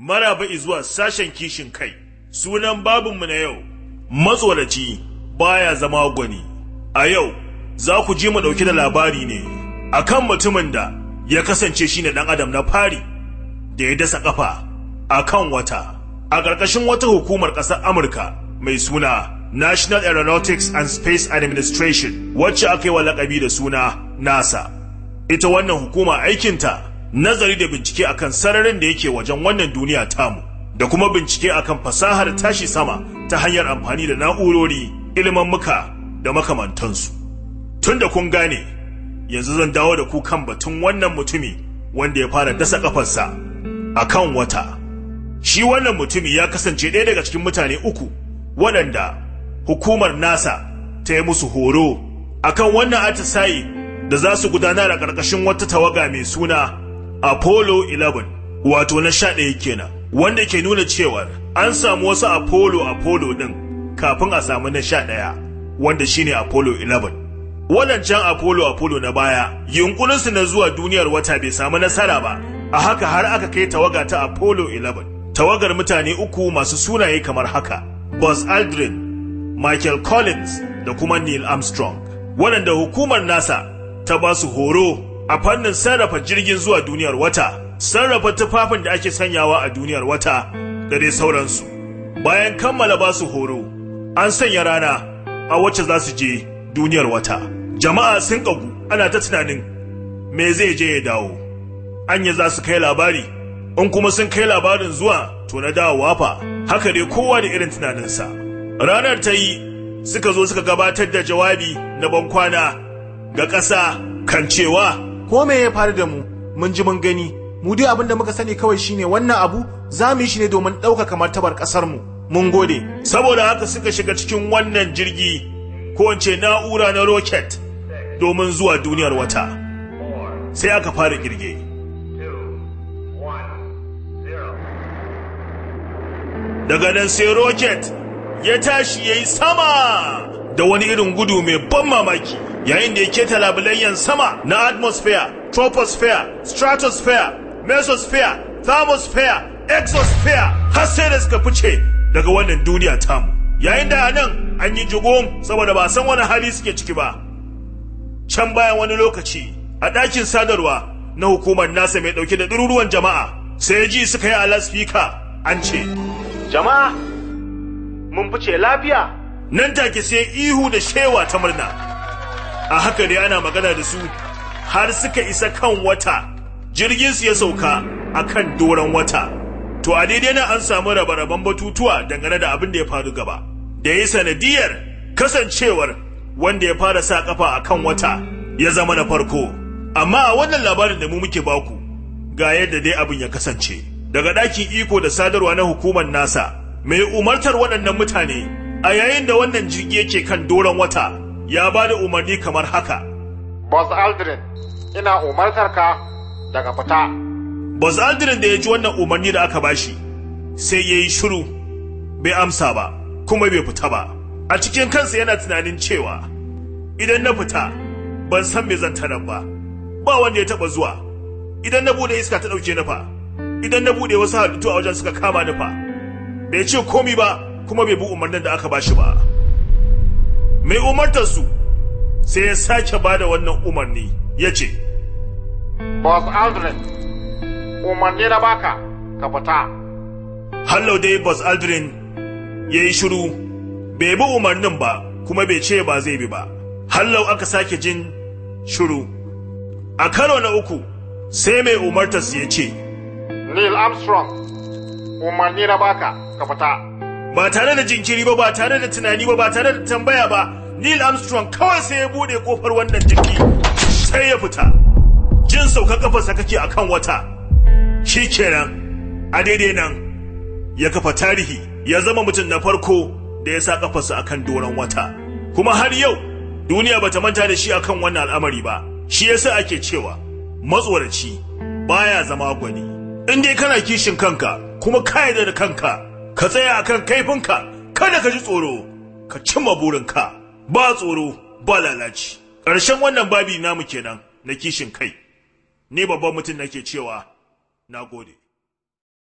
maraba zuwa sashen kishin kai sunan babinmu na yau matsoraci baya zama gwani a yau za ku je mu ɗauki da labari ne akan mutumin da ya kasance shine dan adam na fari da ya dasa ƙafa akan wata a ƙarƙashin wata hukumar ƙasar amurka mai suna national aeronautics and space administration wacce aka yi wa laƙabi da suna nasa ita wannan hukuma aikinta nazari da bincike akan sararin da yake wajen wannan duniya tamu da kuma bincike akan fasahar tashi sama ta hanyar amfani da na'urori ilimin muka da makamantansu tun da kun gane yanzu zan dawo da ku kan batun wannan mutumi wanda ya fara dasa kafarsa a kan wata shi wannan mutumi ya kasance ɗaya daga cikin mutane uku waɗanda hukumar nasa ta yi musu horo akan wannan atisayi da za su gudanar a ƙarƙashin wata tawaga mai suna Apollo 11 wato na sha ɗaya kenan wanda ke nuna cewar an samu wasu Apollo Apollo ɗin kafin a samu na sha ɗaya wanda shine Apollo 11. Wannan Apollo Apollo na baya yunkurinsu na zuwa duniyar wata bai samu nasara ba a haka har aka kai tawaga ta Apollo 11 tawagar mutane uku masu sunaye kamar haka Buzz Aldrin, Michael Collins da kuma Neil Armstrong waɗanda hukumar NASA ta ba su horo a fannin sarrafa jirgin zuwa duniyar wata sarrafa tufafin da ake sanyawa a duniyar wata da dai sauransu bayan kammala ba su horo an sanya rana a wacce za su je duniyar wata jama'a sun kagu ana ta tunanin me zai je ya dawo anya za su kai labari in kuma sun kai labarin zuwa to na dawowa fa haka dai kowa da irin tunaninsa ranar ta yi suka zo suka gabatar da jawabi na bankwana ga ƙasa kan cewa ko me ya faru da mu mun ji mun gani mu dai abin da muka sani kawai shine wannan abu za mu yi shi ne domin kamar tabar ƙasar mu mun gode saboda haka suka shiga cikin wannan jirgi ko in na'ura na rocket domin zuwa duniyar wata sai aka fara girge daga nan sai rocket ya tashi ya yi sama da wani irin gudu mai ban mamaki yayin da ya keta labulayyan sama na atmosphere troposphere stratosphere mesosphere thermosphere exosphere har sai da suka fice daga wannan duniya tamu yayin da nan an yi jigon saboda ba san wani hali suke ciki ba can bayan wani lokaci a ɗakin sadarwa na hukumar nasa mai ɗauke da ɗaruruwan jama'a sai ji suka yi a lasfika an ce jama'a mun fice lafiya nan take sai ihu da shewa ta murna a haka dai ana magana da su har suka isa kan wata jirgin su ya sauka akan kan doron wata to a daidai na an samu rabaraban raban batutuwa dangane da abin da ya faru gaba da ya sanadiyar kasancewar wanda ya fara sa kafa akan wata ya zama na farko amma a wannan labarin da mu muke baku ga yadda dai abin ya kasance daga ɗakin iko da sadarwa na hukumar nasa mai umartar waɗannan mutane a yayin da wannan jirgi yake kan doron wata ya ba da umarni kamar haka Buzz Aldrin ina umartar ka daga fita Buzz Aldrin da ya ji wannan umarni da aka ba shi sai ya yi shiru bai amsa ba kuma bai fita ba a cikin kansa yana tunanin cewa idan na fita ban san me zan tarar ba ba wanda ya taba zuwa idan na bude iska ta ɗauke nafa idan na bude wasu halittu a wajen suka kama ni fa bai ce komi ba kuma bai bi umarnin da aka bashi ba mai umartar su sai ya sake bada wannan umarni ya ce boss aldrin umarni na baka ka fita hallo dai boss aldrin ya yi shiru bai bi umarnin ba kuma bai ce ba zai bi ba hallau aka sake jin shiru a karo na uku sai mai su ya ce neil armstrong umarni na baka ka fita ba tare da jinkiri ba ba tare da tunani ba ba tare da tambaya ba Neil Armstrong kawai sai ya bude kofar wannan jirgi sai ya fita jin sauka kafarsa kake akan wata shikenan a daidai nan ya kafa tarihi ya zama mutum na farko da ya sa kafarsa akan doron wata kuma har yau duniya bata manta da shi akan wannan al'amari ba shi yasa ake cewa matsoraci baya zama gwani in dai kana kishin kanka kuma ka da kanka ka tsaya a kan kaifinka kada ka ji tsoro ka cimma burinka ba tsoro ba lalaci ƙarshen wannan babi namu kenan na kishin kai ni babban mutum nake cewa na gode